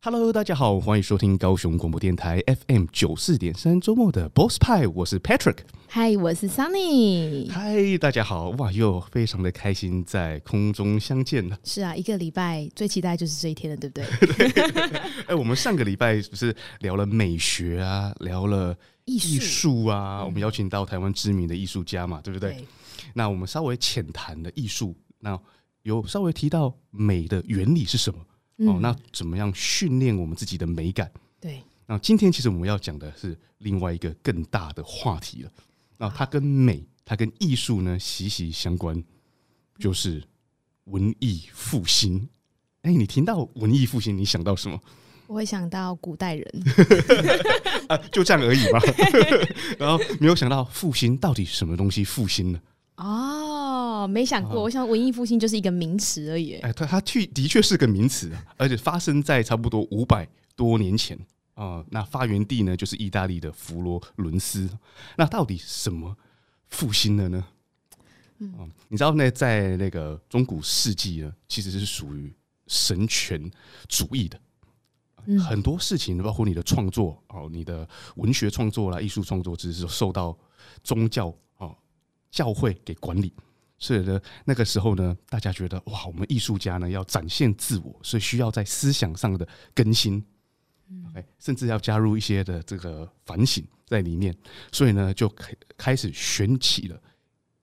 Hello，大家好，歡迎收聽高雄廣播電臺 FM 九四點三周末的 Boss 派，我是 Patrick，Hi，我是 Sunny，嗨，Hi, 大家好，哇，又非常的開心在空中相見了，是啊，一個禮拜最期待就是這一天了，對不對？ 對 哎，我們上個禮拜不是聊了美學啊，聊了藝術啊藝術，我們邀請到台灣知名的藝術家嘛，對不對？對，那我們稍微淺談的藝術，那有稍微提到美的原理是什麼？哦，那怎麼樣訓練我們自己的美感、嗯？對。那今天其實我們要講的是另外一個更大的話題了。啊、那它跟美，它跟藝術呢息息相關，嗯、就是文藝復興。哎、欸，你聽到文藝復興，你想到什麼？我會想到古代人。 啊，就這樣而已吧。 然後沒有想到復興到底什麼東西復興呢？哦。哦，沒想過，哦、我想文藝復興就是一個名詞而已。哎，它它去的確是個名詞，而且發生在差不多五百多年前啊、呃。那發源地呢，就是意大利的佛羅倫斯。那到底什麼復興了呢？嗯，哦、你知道那在那個中古世紀呢，其實是屬於神權主義的，呃嗯、很多事情包括你的創作、哦、你的文學創作啦、藝術創作，只是受到宗教、哦、教會給管理。所以呢，那個時候呢，大家覺得哇，我們藝術家呢要展現自我，所以需要在思想上的更新，嗯、甚至要加入一些的這個反省在裡面。所以呢，就開開始掀起了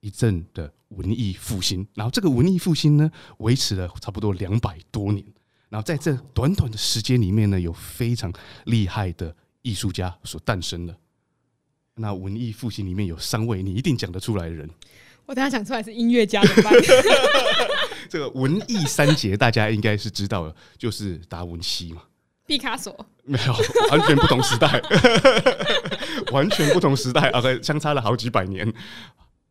一陣的文藝復興。然後這個文藝復興呢，維持了差不多兩百多年。然後在這短短的時間裡面呢，有非常厲害的藝術家所誕生的。那文藝復興裡面有三位，你一定講得出來的人。我等下講出來是音樂家的吧？ 這個文藝三傑，大家應該是知道了，就是達文西嘛，畢卡索沒有，完全不同時代， 完全不同時代，OK，、啊、相差了好幾百年。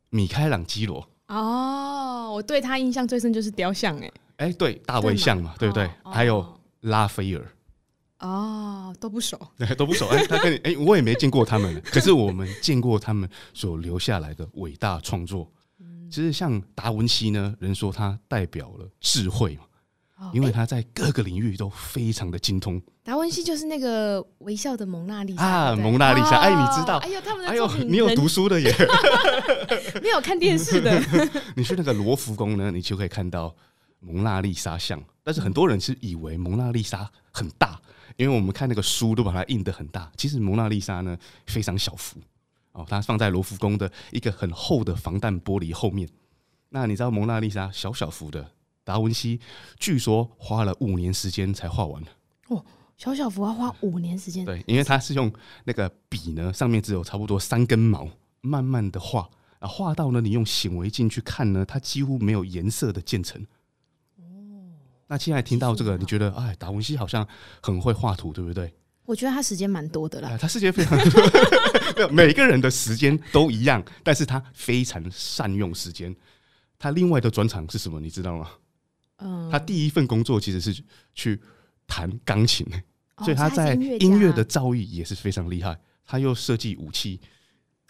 米開朗基羅哦，oh, 我對他印象最深就是雕像、欸，哎、欸、哎，對大衛像嘛對，對不對？Oh, 還有拉斐爾哦，都不熟，都不熟，哎，他跟你哎，我也沒見過他們， 可是我們見過他們所留下來的偉大創作。其實像達文西呢，人說他代表了智慧嘛，哦，因為他在各個領域都非常的精通。欸、達文西就是那個微笑的蒙娜麗莎。啊，蒙娜麗莎，哦，哎，你知道？哎呦，他們的，哎呦，你有讀書的耶，你 有看電視的。 你去那個羅浮宮呢，你就可以看到蒙娜麗莎像。但是很多人是以為蒙娜麗莎很大，因為我們看那個書都把它印的很大。其實蒙娜麗莎呢非常小幅。哦，它放在羅浮宮的一個很厚的防彈玻璃後面。那你知道《蒙娜麗莎》小小幅的達文西，據說花了五年時間才畫完。哦，小小幅要花五年時間？對，因為它是用那個筆呢，上面只有差不多三根毛，慢慢的畫。啊，畫到呢，你用顯微鏡去看呢，它幾乎沒有顏色的漸層。哦，那現在聽到這個，你覺得哎，達文西好像很會畫圖，對不對？我覺得他時間蠻多的啦，他時間非常多 沒有，每個人的時間都一樣，但是他非常善用時間。他另外的專長是什麼？你知道嗎、呃？他第一份工作其實是去彈鋼琴、哦，所以他在音樂、啊、的造詣也是非常厲害。他又設計武器，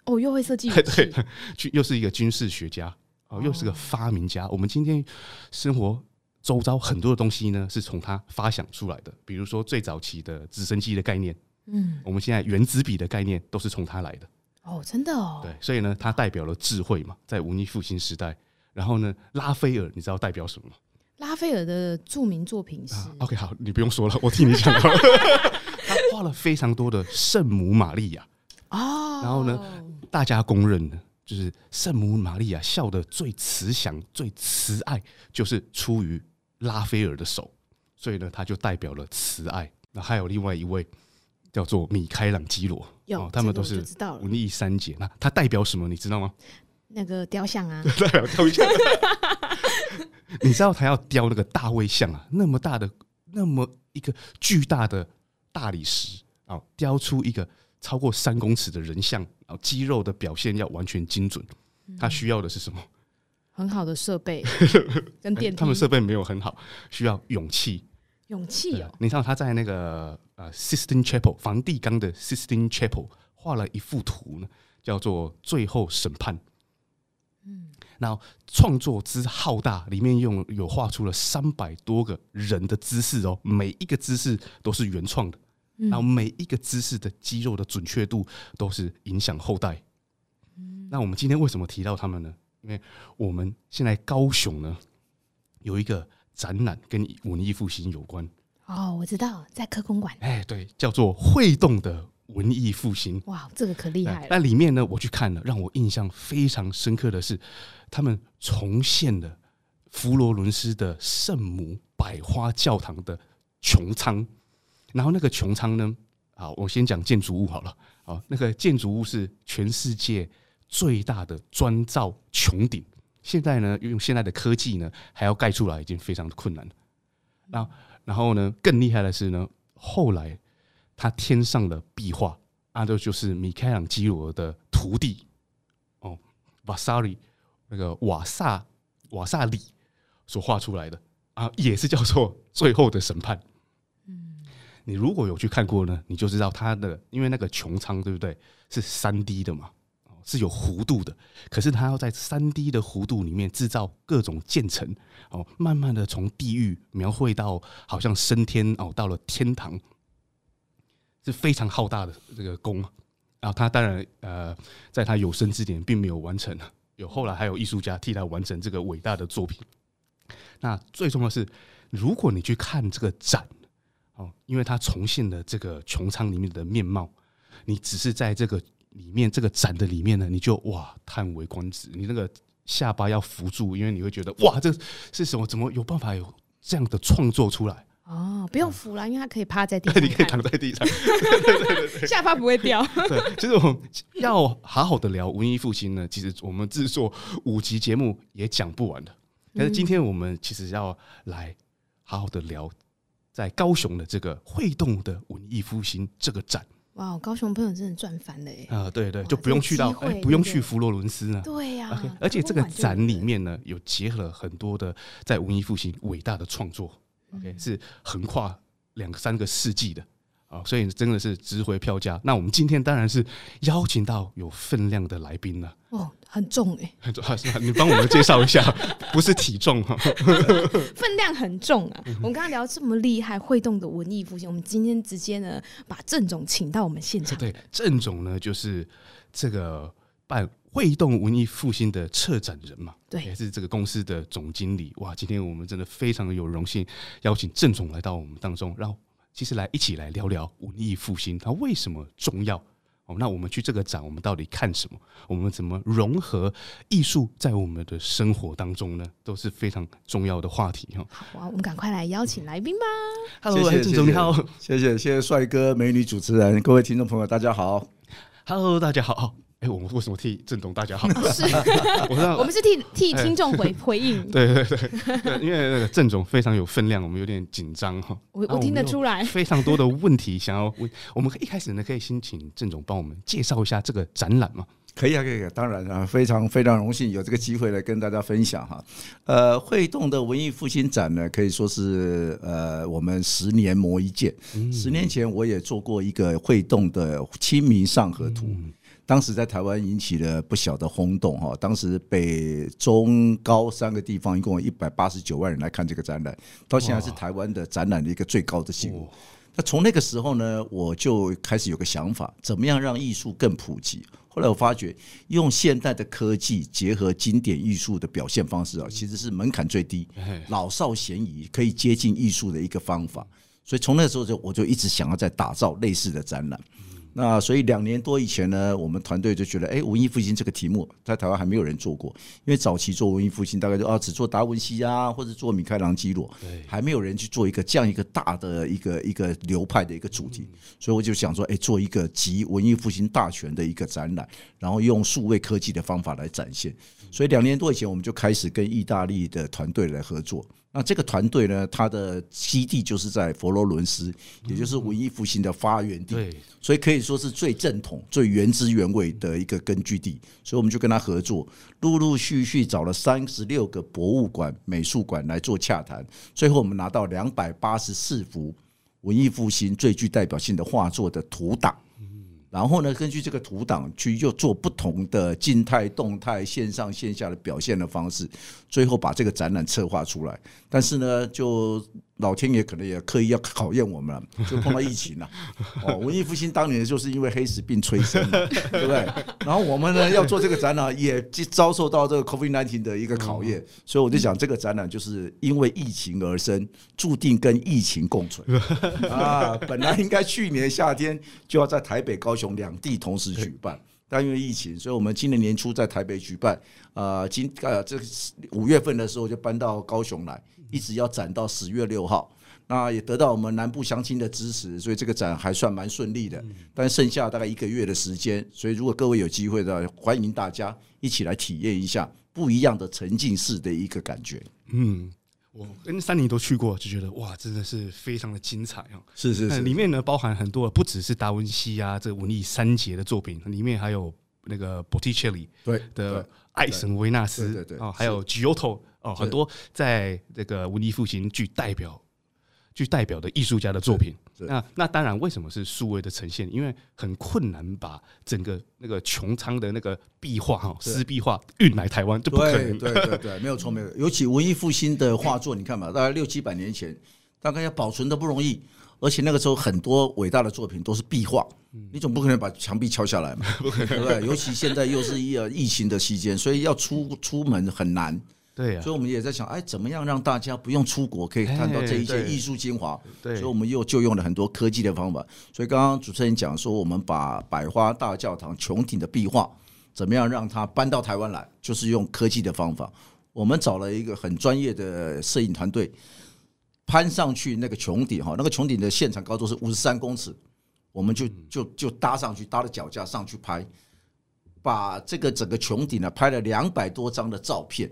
哦，又會設計武器， 對，又是一個軍事學家，哦，又是個發明家。哦、我們今天生活。周遭很多的東西呢，是從他發想出來的。比如說最早期的直升機的概念，嗯，我們現在原子筆的概念都是從他來的。哦，真的哦。對，所以呢，他代表了智慧嘛，在文藝復興時代。然後呢，拉斐爾你知道代表什麼嗎？拉斐爾的著名作品是、啊、？OK，好，你不用說了，我替你講了。 他畫了非常多的聖母瑪利亞。哦。然後呢，大家公認的，就是聖母瑪利亞笑得最慈祥、最慈愛，就是出於。拉斐爾的手，所以呢，他就代表了慈愛。那還有另外一位叫做米開朗基羅，哦，他們都是文藝三杰。那他代表什麼，你知道嗎？那個雕像啊，代表雕像。 你知道他要雕那個大衛像啊？那麼大的，那麼一個巨大的大理石啊，雕出一個超過三公尺的人像啊，肌肉的表現要完全精準。他、嗯、需要的是什麼？很好的設備跟電力、 欸，他們設備沒有很好，需要勇氣。勇氣啊、哦！你像他在那個呃，Sistine Chapel 梵蒂岡的 Sistine Chapel 畫了一幅圖呢，叫做《最後審判》。嗯，那創作之浩大，裡面用有，有畫出了三百多個人的姿勢哦，每一個姿勢都是原創的、嗯，然後每一個姿勢的肌肉的準確度都是影響後代。嗯，那我們今天為什麼提到他們呢？因為我們現在高雄呢，有一個展覽跟文藝復興有關哦，我知道在科工館。哎，對，叫做會動的文藝復興，哇，這個可厲害了、啊！那裡面呢，我去看了，讓我印象非常深刻的是，他們重現了佛羅倫斯的聖母百花教堂的穹倉，然後那個穹倉呢，好，我先講建築物好了，好，那個建築物是全世界。最大的磚造穹頂，現在呢，用現在的科技呢，還要蓋出來已經非常的困難了那、嗯啊、然後呢，更厲害的是呢，後來他天上的壁畫，按、啊、照就是米開朗基羅的徒弟哦，瓦薩里那個瓦薩瓦薩里所畫出來的啊，也是叫做《最後的審判》。嗯，你如果有去看過呢，你就知道他的，因為那個穹蒼對不對，是三 D 的嘛。是有弧度的，可是他要在三 D 的弧度裡面製造各種漸層，哦，慢慢的從地獄描繪到好像升天哦，到了天堂，是非常浩大的這個工啊。然後他當然呃，在他有生之年並沒有完成啊，有後來還有藝術家替他完成這個偉大的作品。那最重要的是，如果你去看這個展，哦，因為它重現了這個穹蒼裡面的面貌，你只是在這個。裡面這個展的裡面呢，你就哇嘆為觀止，你那個下巴要扶住，因為你會覺得哇，這是什麼？怎麼有辦法有這樣的創作出來？哦，不用扶了，嗯、因為它可以趴在地上， 你可以躺在地上 對對對對對，下巴不會掉。對，就是我們要好好的聊文藝復興呢。 其實我們制作五集節目也講不完的，嗯，但是今天我們其實要來好好的聊在高雄的這個會動的文藝復興這個展。哇、wow，高雄朋友真的賺翻了誒，啊、呃，對對，就不用去到，欸、對不，對不用去佛羅倫斯呢。對呀、啊 okay，而且這個展裡面呢，有結合很多的在文藝復興偉大的創作，OK、嗯、是橫跨兩三個世紀的。所以真的是值回票價。那我們今天當然是邀請到有分量的來賓了。哦，很重哎、欸，很重啊！是是你幫我們介紹一下， 不是體重 啊，分量很重啊。 我們剛剛聊這麼厲害，會動的文藝復興。我們今天直接呢把鄭總請到我們現場。對，鄭總呢就是這個辦會動文藝復興的策展人嘛，對，也是這個公司的總經理。哇，今天我們真的非常有榮幸邀請鄭總來到我們當中，讓。其實來一起來聊聊文藝復興它為什麼重要哦？那我們去這個展，我們到底看什麼？我們怎麼融合藝術在我們的生活當中呢？都是非常重要的話題哈哦。好啊，我們趕快來邀請來賓吧。嗯。Hello，謝謝，觀眾你好，謝謝，謝謝帥哥美女主持人，各位聽眾朋友，大家好。Hello，大家好。哎、欸，我們為什麼替鄭總大家好？不、哦、是我知道，我們是替替聽眾回回應。對對對， 對，因為那個鄭總非常有分量，我們有點緊張哈。我我聽得出來，啊、非常多的問題 想要問。我們一開始呢，可以先請鄭總幫我們介紹一下這個展覽嗎？可以啊，可以、啊，當然啊，非常非常榮幸有這個機會來跟大家分享哈、啊。呃，會動的文藝復興展呢，可以說是呃，我們十年磨一劍、嗯。十年前我也做過一個會動的《清明上河圖》嗯。嗯當時在台灣引起了不小的轟動，哈！當時北中高三個地方一共有一百八十九萬人來看這個展覽，到現在是台灣的展覽的一個最高的紀錄。那、wow. 從那個時候呢，我就開始有個想法，怎麼樣讓藝術更普及？後來我發覺，用現代的科技結合經典藝術的表現方式啊，其實是門檻最低，老少咸宜，可以接近藝術的一個方法。所以從那個時候就我就一直想要再打造類似的展覽。那所以兩年多以前呢，我們團隊就覺得，哎，文藝復興這個題目在台灣還沒有人做過，因為早期做文藝復興大概就啊只做達文西啊，或者做米開朗基羅，還沒有人去做一個這樣一個大的一個一個流派的一個主題，所以我就想說，哎，做一個集文藝復興大全的一個展覽，然後用數位科技的方法來展現，所以兩年多以前我們就開始跟意大利的團隊來合作。那這個團隊呢，他的基地就是在佛羅倫斯，也就是文藝復興的發源地。嗯，嗯。所以可以說是最正統、最原汁原味的一個根據地。所以我們就跟他合作，陸陸續續找了三十六個博物館、美術館來做洽談，最後我們拿到兩百八十四幅文藝復興最具代表性的畫作的圖檔。然後呢，根據這個圖檔去又做不同的靜態，動態、線上、線下的表現的方式，最後把這個展覽策劃出來。但是呢，就。老天爺可能也刻意要考驗我們了，就碰到疫情了。哦，文藝復興當年就是因為黑死病催生的， 對不對？然後我們呢要做這個展覽，也遭受到這個 COVID-19 的一個考驗。所以我就想，這個展覽就是因為疫情而生，注定跟疫情共存啊！本來應該去年夏天就要在台北、高雄兩地同時舉辦，但因為疫情，所以我們今年年初在台北舉辦，呃，今呃這五月份的時候就搬到高雄來。一直要展到十月六號，那也得到我們南部鄉親的支持，所以這個展還算蠻順利的。但剩下大概一個月的時間，所以如果各位有機會的，歡迎大家一起來體驗一下不一樣的沉浸式的一個感覺。嗯，我跟三林都去過，就覺得哇，真的是非常的精彩啊！是是，是，是裡面呢包含很多，不只是達文西啊，這個文藝三傑的作品，裡面還有。那個 Botticelli 的愛神維納斯啊，還有 Giotto 哦，很多在這個文藝復興具代表具代表的藝術家的作品。那那當然，為什麼是數位的呈現？因為很困難把整個那個穹蒼的那個壁畫哈，濕壁畫運來台灣，這不可能。對對對，沒有錯沒有。 尤其文藝復興的畫作，你看嘛，大概六七百年前，大概要保存得不容易。而且那個時候很多偉大的作品都是壁畫，你總不可能把牆壁敲下來嘛、嗯，對不對？尤其現在又是一個疫情的期間，所以要出出門很難。所以我們也在想，哎，怎麼樣讓大家不用出國，可以看到這一些藝術精華？所以我們又就用了很多科技的方法。所以剛剛主持人講說，我們把百花大教堂穹頂的壁畫怎麼樣讓它搬到台灣來，就是用科技的方法。我們找了一個很專業的攝影團隊。攀上去那個穹頂哈，那個穹頂的現場高度是五十三公尺，我們就就就搭上去，搭了腳架上去拍，把這個整個穹頂呢拍了兩百多張的照片，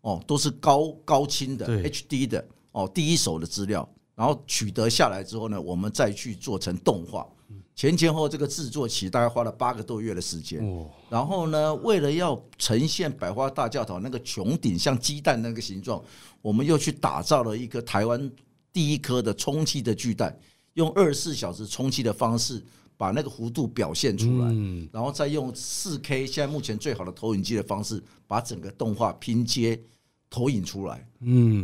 哦，都是高高清的，對，HD 的哦，第一手的資料，然後取得下來之後呢，我們再去做成動畫。前前後這個製作期大概花了八個多月的時間，然後呢，為了要呈現百花大教堂那個穹頂像雞蛋那個形狀，我們又去打造了一個台灣第一顆的充氣的巨蛋，用二十四小時充氣的方式把那個弧度表現出來，然後再用四 K 現在目前最好的投影機的方式把整個動畫拼接投影出來，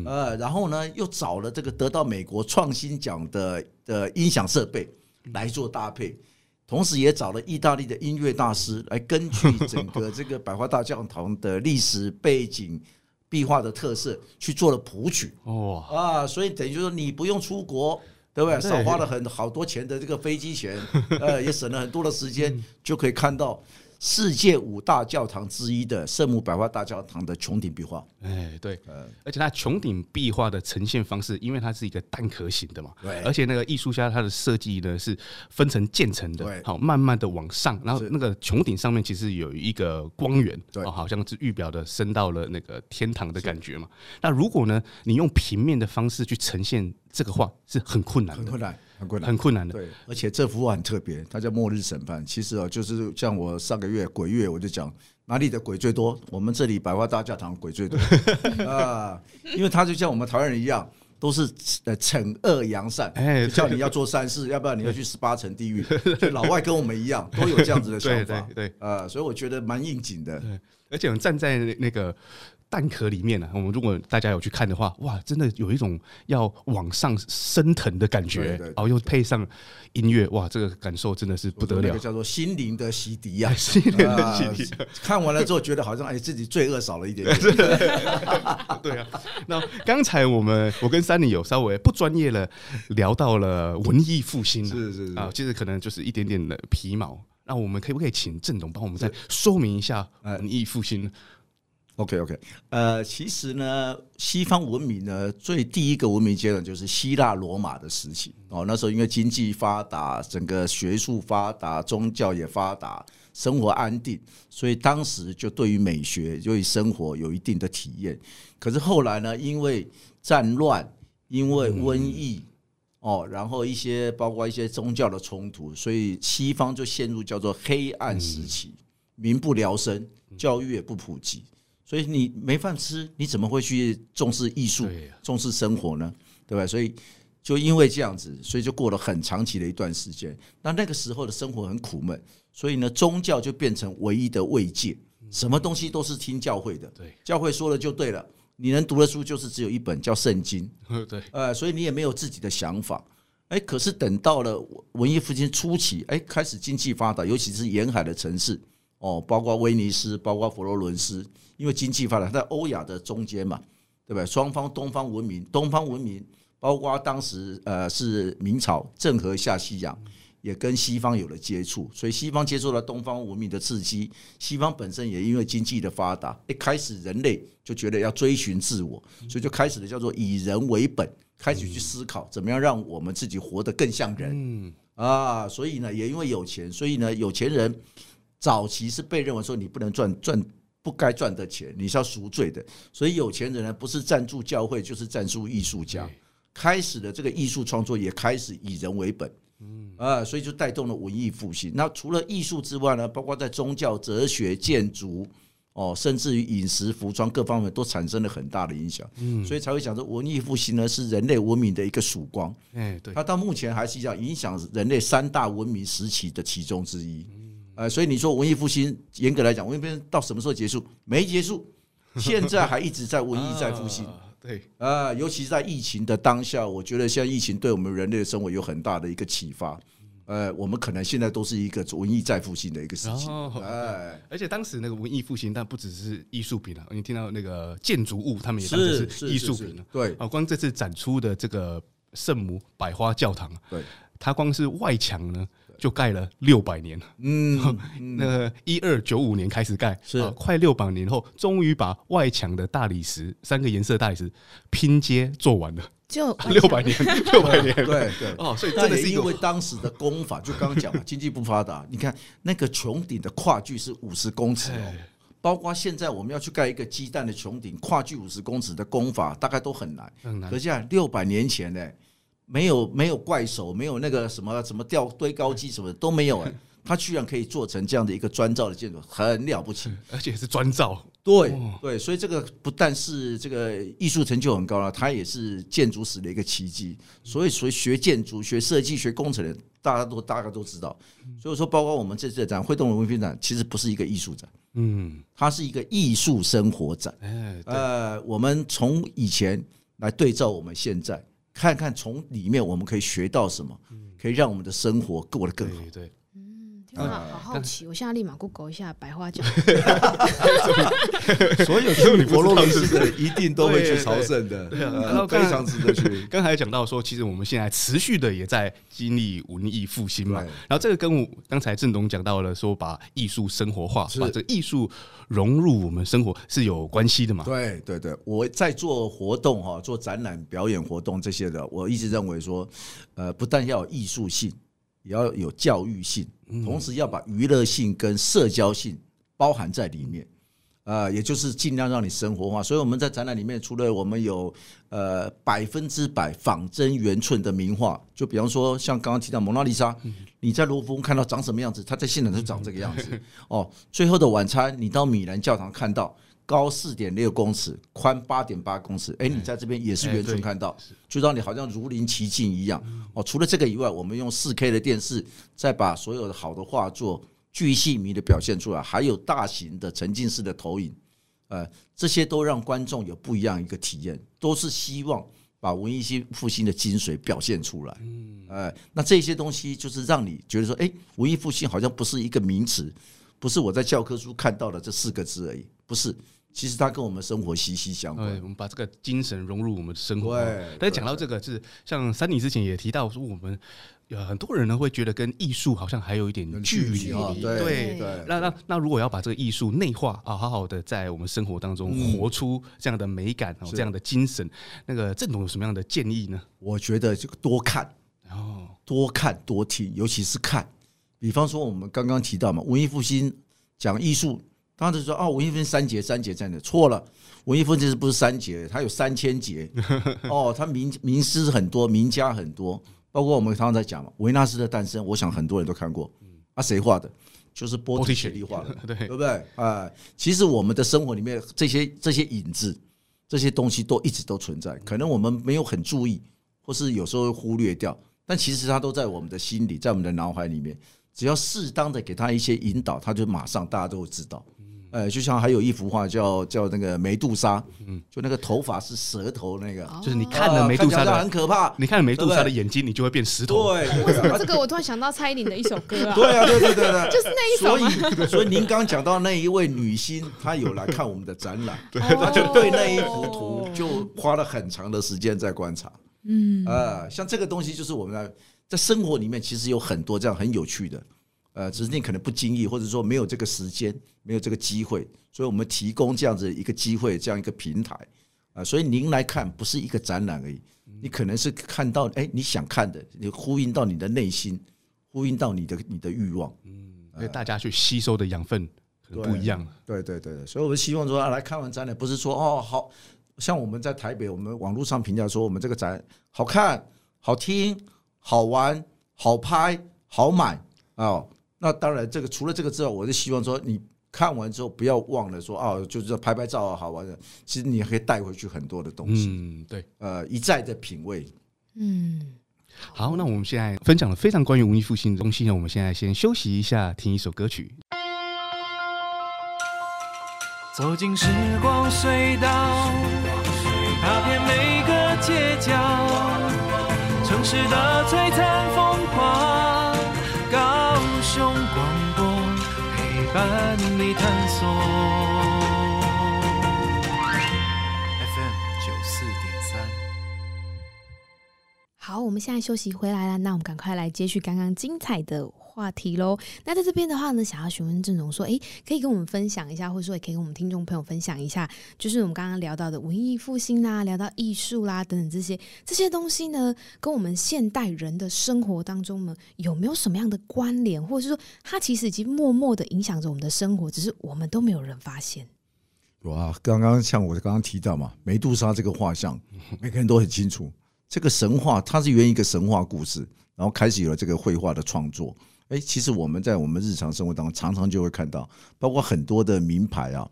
呃，然後呢，又找了這個得到美國創新獎的的音響設備。來做搭配，同時也找了意大利的音樂大師來根據整個這個百花大教堂的歷史背景、壁畫的特色去做了譜曲。啊！所以等於說你不用出國，對不對？少花了很好多錢的這個飛機錢，呃，也省了很多的時間，就可以看到。世界五大教堂之一的聖母百花大教堂的穹頂壁畫，哎，對，而且它穹頂壁畫的呈現方式，因為它是一個蛋殼型的嘛，對，而且那個藝術家他的設計呢是分成漸層的，好，慢慢的往上，然後那個穹頂上面其實有一個光源，好像是預表的升到了那個天堂的感覺嘛。那如果呢，你用平面的方式去呈現這個畫，是很困難的。很困難，很困難的。對，而且這幅畫很特別，它叫末日審判。其實啊，就是像我上個月鬼月，我就講哪裡的鬼最多？我們這裡百花大教堂鬼最多啊、 呃，因為它就像我們台灣人一樣，都是呃懲惡揚善，哎，叫你要做善事， 要不然你要去十八層地獄。老外跟我們一樣， 都有這樣子的想法， 對啊、呃，所以我覺得蠻應景的。對，而且我們站在那個，蛋殼裡面呢、啊，我們如果大家有去看的話，哇，真的有一種要往上升騰的感覺，然後、哦、又配上音樂，對對對對，哇，這個感受真的是不得了，覺得那個叫做心靈的洗滌呀、啊啊，心靈的洗滌、啊呃。看完了之後，覺得好像 哎，自己罪惡少了一點，點。 對，對，對， 對啊，那剛才我們我跟 Sunny 有稍微不專業了， 聊到了文藝復興是，是是啊，其實可能就是一點點的皮毛。那我們可以不可以請鄭總幫我們再說明一下文藝復興呢？OK，OK, okay, okay, 呃，其實呢，西方文明呢，最第一個文明階段就是希臘羅馬的時期哦。那時候因為經濟發達，整個學術發達，宗教也發達，生活安定，所以當時就對於美學、對於生活有一定的體驗。可是後來呢，因為戰亂，因為瘟疫、嗯，哦，然後一些包括一些宗教的衝突，所以西方就陷入，叫做黑暗時期，嗯、民不聊生，教育也不普及。所以你沒飯吃，你怎麼會去重視藝術、啊、重視生活呢？對吧？所以就因為這樣子，所以就過了很長期的一段時間。那那個時候的生活很苦悶，所以呢，宗教就變成唯一的慰藉。什麼東西都是聽教會的，教會說了就對了。你能讀的書就是只有一本叫《聖經》，對、呃，所以你也沒有自己的想法。哎，可是等到了文藝復興初期，哎，開始經濟發達，尤其是沿海的城市。哦，包括威尼斯，包括佛羅倫斯，因為經濟發達在歐亞的中間嘛，對不對？雙方東方文明，東方文明包括當時呃是明朝鄭和下西洋，也跟西方有了接觸，所以西方接受了東方文明的刺激，西方本身也因為經濟的發達，一開始人類就覺得要追尋自我，所以就開始了叫做以人為本，開始去思考怎麼樣讓我們自己活得更像人。嗯啊，所以呢也因為有錢，所以呢有錢人。早期是被認為說你不能賺賺不該賺的錢，你是要贖罪的。所以有錢人呢，不是贊助教會，就是贊助藝術家。開始的這個藝術創作也開始以人為本，嗯啊，所以就帶動了文藝復興。那除了藝術之外呢，包括在宗教、哲學、建築，哦，甚至於飲食、服裝各方面，都產生了很大的影響。嗯，所以才會想着文藝復興呢，是人類文明的一個曙光。哎，對，它到目前還是一樣影響人類三大文明時期的其中之一。呃、所以你說文藝復興，嚴格來講，文藝復興到什麼時候結束？沒結束，現在還一直在文藝在復興、 啊。對，啊、呃，尤其在疫情的當下，我覺得現在疫情對我們人類的生活有很大的一個啟發。呃，我們可能現在都是一個文藝在復興的一個時期、哦。哎，而且當時那個文藝復興，但不只是藝術品、啊、你聽到那個建築物，他們也都是藝術品了、啊。對，啊，光這次展出的這個聖母百花教堂，對，它光是外牆呢。就蓋了六百年，嗯，嗯，那一二九五年開始蓋，是、啊、快六百年後，終於把外牆的大理石三個顏色大理石拼接做完了，就六百、啊、年，六百年，對對，哦，所以真的是個因為當時的工法，就剛剛講，經濟不發達， 你看那個穹頂的跨距是五十公尺、哦、包括現在我們要去蓋一個雞蛋的穹頂，跨距五十公尺的工法，大概都很難，很難。可是啊，六百年前呢？沒有沒有怪手，沒有那個什麼什麼吊堆高機什麼的都沒有，它居然可以做成這樣的一個磚造的建築，很了不起，而且是磚造。對對，所以這個不但是這個藝術成就很高了，它也是建築史的一個奇蹟。所以，所以學建築、學設計、學工程的，大家都大概都知道。所以說，包括我們這次的展會動文明展，其實不是一個藝術展，嗯，它是一個藝術生活展。哎、欸，呃，我們從以前來對照我們現在。看看從裡面我們可以學到什麼，可以讓我們的生活過得更好。嗯。啊，好好奇！我現在立馬 Google 一下百花獎。嗯嗯啊啊。所有去佛羅倫斯的，一定都會去朝聖的，非常值得去。剛才講到說，其實我們現在持續的也在經歷文藝復興嘛。然後這個跟我剛才鄭董講到了說，把藝術生活化，把這藝術融入我們生活是有關係的嘛？對對對，我在做活動哈，做展覽、表演活動這些的，我一直認為說，呃，不但要有藝術性。也要有教育性，同時要把娛樂性跟社交性包含在裡面，啊，也就是盡量讓你生活化。所以我們在展覽裡面，除了我們有呃百分之百仿真原寸的名畫，就比方說像剛剛提到蒙娜麗莎，你在羅浮宮看到長什麼樣子，它在現場就長這個樣子。哦，最後的晚餐，你到米蘭教堂看到，高四點六公尺，寬八點八公尺。誒、欸，你在這邊也是原寸看到，欸，就讓你好像如臨其境一樣。哦，除了這個以外，我們用四 K 的電視，再把所有的好的畫作巨細靡的表現出來，還有大型的沉浸式的投影，呃，這些都讓觀眾有不一樣一個體驗，都是希望把文藝復興的精髓表現出來。誒、呃，那這些東西就是讓你覺得說，誒、欸，文藝復興好像不是一個名詞，不是我在教科書看到的這四個字而已，不是。其實它跟我們生活息息相關對。我們把這個精神融入我們的生活。對,對。但講到這個是，是像三裡之前也提到說，我們有很多人呢會覺得跟藝術好像還有一點距離對對,對,對那。那那那如果要把這個藝術內化啊，好好的在我們生活當中活出這樣的美感哦，嗯、這樣的精神，啊、那個鄭總有什麼樣的建議呢？我覺得就多看，然後多看多聽，尤其是看。比方說我們剛剛提到嘛，文藝復興講藝術。當時說啊、哦，文藝分三節，三節在哪？錯了，文藝分節是不是三節？他有三千節。哦，他名名師很多，名家很多，包括我們剛剛在講嘛，《維納斯的誕生》，我想很多人都看過。啊，誰畫的？就是波提切利畫的、嗯嗯，對不對？啊、嗯，其實我們的生活裡面這些這些影子，這些東西都一直都存在，可能我們沒有很注意，或是有時候會忽略掉，但其實它都在我們的心裡，在我們的腦海裡面。只要適當的給他一些引導，他就馬上大家都會知道。呃、嗯，就像還有一幅畫叫叫那個梅杜莎，嗯，就那個頭髮是舌頭那個，就是你看了梅杜莎的、啊、很可怕，你看了梅杜莎的，對不對？梅杜莎的眼睛，你就會變石頭。對，對、啊、 這個我突然想到蔡依林的一首歌啊，對啊，對對對對， 就是那一首。所以，所以您剛講到那一位女星， 她有來看我們的展覽， 她就對那一幅圖就花了很長的時間在觀察。 嗯，呃、啊，像這個東西，就是我們在，在生活裡面其實有很多這樣很有趣的。呃，只是您可能不經意，或者說沒有這個時間，沒有這個機會，所以我們提供這樣子一個機會，這樣一個平台啊、呃。所以您來看，不是一個展覽而已、嗯，你可能是看到誒、欸，你想看的，你呼應到你的內心，呼應到你的你的欲望，嗯，那大家去吸收的養分可能不一樣。呃、對對對，對，所以我們希望說，啊、來看完展覽，不是說哦，好像我們在台北，我們網絡上評價說我們這個展好看、好聽、好玩、好拍、好買啊。哦那當然，這個除了這個之外，我是希望說，你看完之後不要忘了說哦，就是拍拍照啊，好玩的。其實你可以帶回去很多的東西，嗯，對，呃，一再的品味。嗯，嗯，好，那我們現在分享了非常關於文藝復興的東西呢，我們現在先休息一下，聽一首歌曲。走進時光隧道，踏遍每個街角，城市的璀璨。好，我們現在休息回來了，那我們趕快來接續剛剛精彩的話題嘍。那在這邊的話呢，想要詢問鄭總說，哎、欸，可以跟我們分享一下，或者說也可以跟我們聽眾朋友分享一下，就是我們剛剛聊到的文藝復興啦，聊到藝術啦等等這些這些東西呢，跟我們現代人的生活當中呢，有沒有什麼樣的關聯，或者是說它其實已經默默地影響着我們的生活，只是我們都沒有人發現？有啊，剛剛像我剛剛提到嘛，梅杜莎這個畫像，每個人都很清楚。這個神話，它是源於一個神話故事，然後開始有了這個繪畫的創作。哎，其實我們在我們日常生活當中，常常就會看到，包括很多的名牌啊，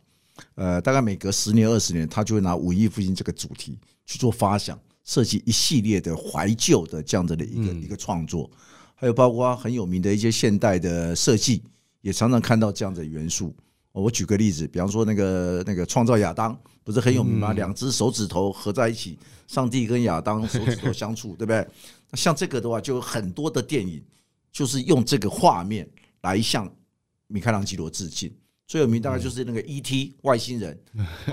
呃，大概每隔十年二十年，他就會拿文藝復興這個主題去做發想，設計一系列的懷舊的這樣子的一個一個創作，還有包括很有名的一些現代的設計，也常常看到這樣的元素。我舉個例子，比方說那個那個創造亞當不是很有名嗎？兩隻、嗯、手指頭合在一起，上帝跟亞當手指頭相觸， 對不對？像這個的話，就有很多的電影就是用這個畫面來向米開朗基羅致敬。最有名大概就是那個 ET,、嗯《E.T. 外星人》，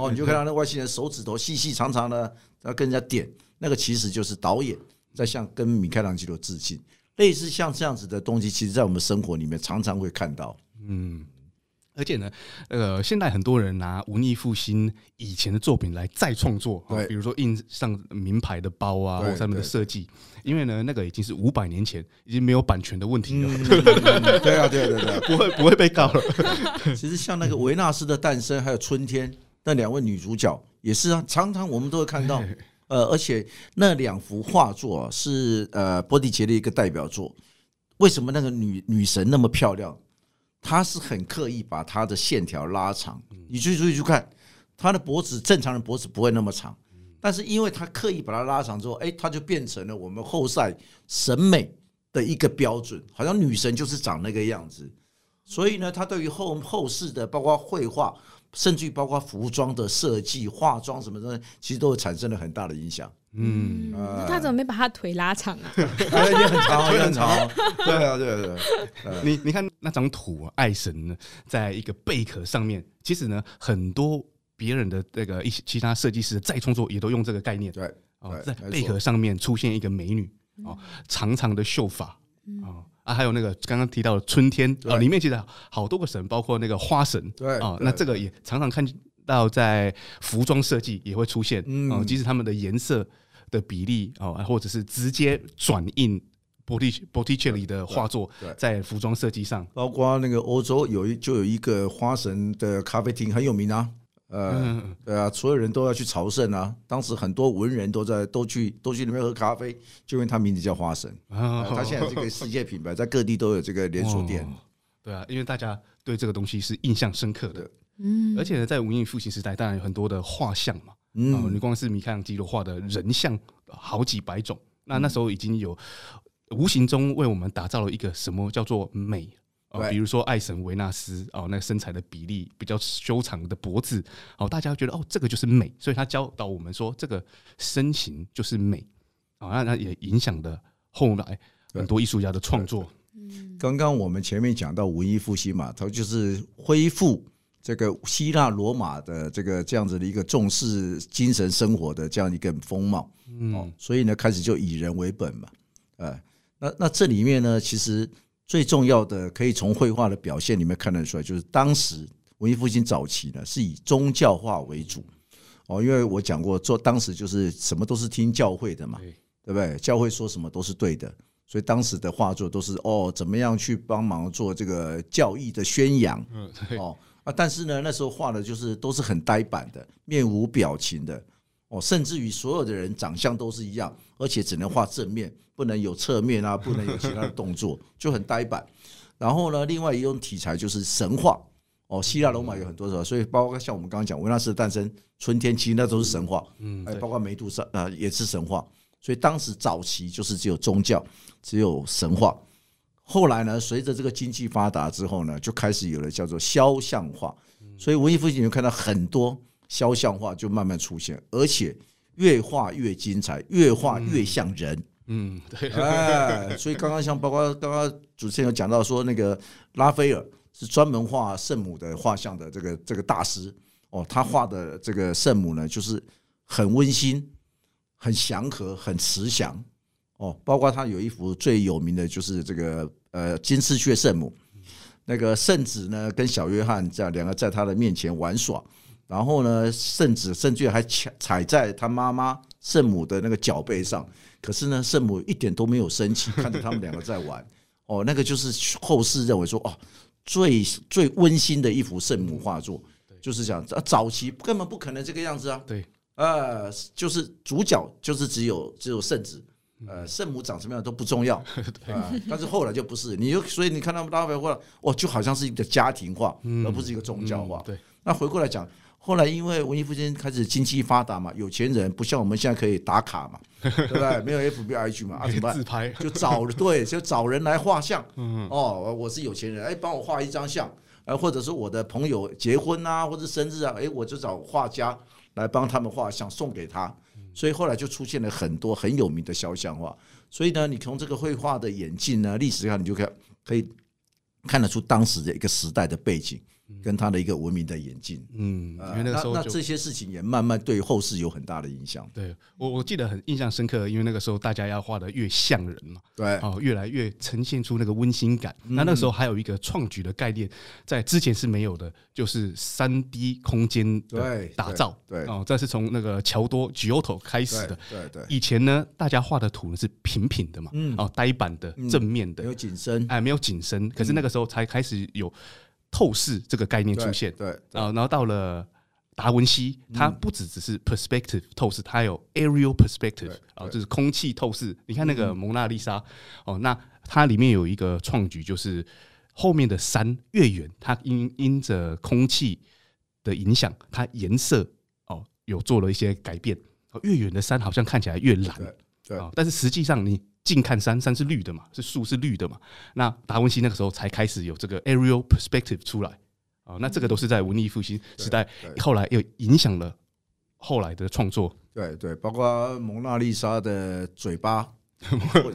哦，你就看到那個外星人手指頭細細長長的，然後跟人家點，那個其實就是導演在向跟米開朗基羅致敬。類似像這樣子的東西，其實在我們生活裡面常常會看到，嗯。而且呢，呃，現在很多人拿文藝復興以前的作品來再創作，對，比如說印上名牌的包啊，或者什麼的設計，因為呢，那個已經是五百年前，已經沒有版權的問題了。嗯嗯嗯嗯嗯、 對啊，對啊對、啊、不會不會被告了。 其實像那個維納斯的誕生，還有春天那兩位女主角，也是啊，常常我們都會看到。呃，而且那兩幅畫作、啊、是呃波提切利的一個代表作。為什麼那個女女神那麼漂亮？他是很刻意把他的線條拉長，你注意注意去看，他的脖子，正常的脖子不會那麼長，但是因為他刻意把它拉長之後，哎、欸，他就變成了我們後賽審美的一個標準，好像女神就是長那個樣子，所以呢，他對於後後世的包括繪畫，甚至於包括服裝的設計、化妝什麼的，其實都產生了很大的影響。嗯，嗯他怎麼沒把他腿拉長啊？腿也很長，腿 很長吵。 對啊，對啊，對。你你看那張圖，啊，愛神呢，在一個貝殼上面。其實呢，很多別人的那個一些其他設計師再創作也都用這個概念。對，對在貝殼上面出現一個美女哦，嗯，長長的秀髮哦，嗯，啊，還有那個剛剛提到的春天啊、呃，裡面其實好多個神，包括那個花神。對，對、呃、那這個也常常看到在服裝設計也會出現啊、呃，即使他們的顏色的比例啊，或者是直接轉印 Botticelli 的畫作，在服裝設計上，包括那個歐洲有一就有一個花神的咖啡廳很有名啊，呃、嗯、呃，所有人都要去朝聖啊。當時很多文人都在都去都去裡面喝咖啡，就因為它名字叫花神、哦呃。他現在這個世界品牌，在各地都有這個連鎖店、哦。對啊，因為大家對這個東西是印象深刻的。嗯、而且呢，在文藝復興時代，當然有很多的畫像嘛。嗯，你光是米開朗基羅畫的人像好幾百種，嗯，那那時候已經有無形中為我們打造了一個什麼叫做美，嗯，比如說愛神維納斯哦，那個身材的比例比較修長的脖子，哦，大家覺得哦，這個就是美，所以他教導我們說，這個身形就是美啊，那也影響了後來很多藝術家的創作。嗯，剛剛我們前面講到文藝復興嘛，它就是恢復。這個希臘羅馬的這個這樣子的一個重視精神生活的這樣一個風貌，嗯，所以呢，開始就以人為本嘛，呃，那那這裡面呢，其實最重要的可以從繪畫的表現裡面看得出來，就是當時文藝復興早期呢是以宗教畫為主，哦，因為我講過，做當時就是什麼都是聽教會的嘛，對不對？教會說什麼都是對的，所以當時的畫作都是哦，怎麼樣去幫忙做這個教義的宣揚，哦。啊，但是呢，那時候畫的就是都是很呆板的，面無表情的，哦，甚至於所有的人長相都是一樣，而且只能畫正面，不能有側面啊，不能有其他的動作， 就很呆板。然後呢，另外一種題材就是神話，哦，希臘羅馬有很多的，所以包括像我們剛剛講維納斯的誕生、春天期，那都是神話，嗯，包括梅杜莎啊也是神話。所以當時早期就是只有宗教，只有神話。後來呢，隨着這個經濟發達之後呢，就開始有了叫做肖像畫，所以文藝復興就看到很多肖像畫就慢慢出現，而且越畫越精彩，越畫越像人。嗯，嗯，對。啊，所以剛剛像包括剛剛主持人有講到說，那個拉斐爾是專門畫聖母的畫像的這個這個大師哦，他畫的這個聖母呢，就是很溫馨、很祥和、很慈祥。哦，包括他有一幅最有名的，就是這個呃金絲雀聖母，嗯，那個聖子呢跟小約翰這樣兩個在他的面前玩耍，然後呢聖子甚至還踩踩在他媽媽聖母的那個腳背上，可是呢聖母一點都沒有生氣， 看着他們兩個在玩。哦，那個就是後世認為說哦最最溫馨的一幅聖母畫作，嗯，就是講啊早期根本不可能這個樣子啊，對，呃就是主角就是只有只有聖子。呃，聖母長什麼樣都不重要啊、呃，但是後來就不是，你就所以你看他們大家會哦，就好像是一個家庭化，嗯、而不是一個宗教化。嗯、對，那回過來講，後來因為文藝復興開始經濟發達嘛，有錢人不像我們現在可以打卡嘛， 對不對？沒有 F B I G 嘛，啊、怎麼辦？自拍。就找對，就找人來畫像。嗯。哦，我是有錢人，哎、欸，幫我畫一張像，呃，或者是我的朋友結婚啊，或者生日啊，哎、欸，我就找畫家來幫他們畫像送給他。所以後來就出現了很多很有名的肖像畫。所以呢，你從這個繪畫的演進呢，歷史上你就可以，可以看得出當時的一個時代的背景。跟他的一個文明的演進，嗯，因為那個時候、呃、那，那這些事情也慢慢對後世有很大的影響。對，我我記得很印象深刻，因為那個時候大家要畫的越像人嘛，對、哦，越來越呈現出那個溫馨感、嗯。那那時候還有一個創舉的概念，在之前是沒有的，就是三 D 空間對打造，對，對,對哦，這是從那個喬多 Giotto 開始的，對對,對。以前呢，大家畫的圖是平平的嘛，嗯，哦、呃，呆板的，嗯、正面的沒有景深，哎，沒有景深。可是那個時候才開始有。透視這個概念出現，對，對對啊、然後到了達文西，他、嗯、不只只是 perspective 透視，他有 aerial perspective，啊，就是空氣透視。你看那個蒙娜麗莎、嗯，哦，那它裡面有一個創舉，就是後面的山越遠，它因因着空氣的影響，它顏色哦有做了一些改變，哦、越遠的山好像看起來越藍，對,對啊，但是實際上你。近看山，山是綠的嘛，是樹是綠的嘛。那達文西那個時候才開始有這個 aerial perspective 出來啊、哦，那這個都是在文藝復興時代，後來又影響了後來的創作。對對，對，包括蒙娜麗莎的嘴巴，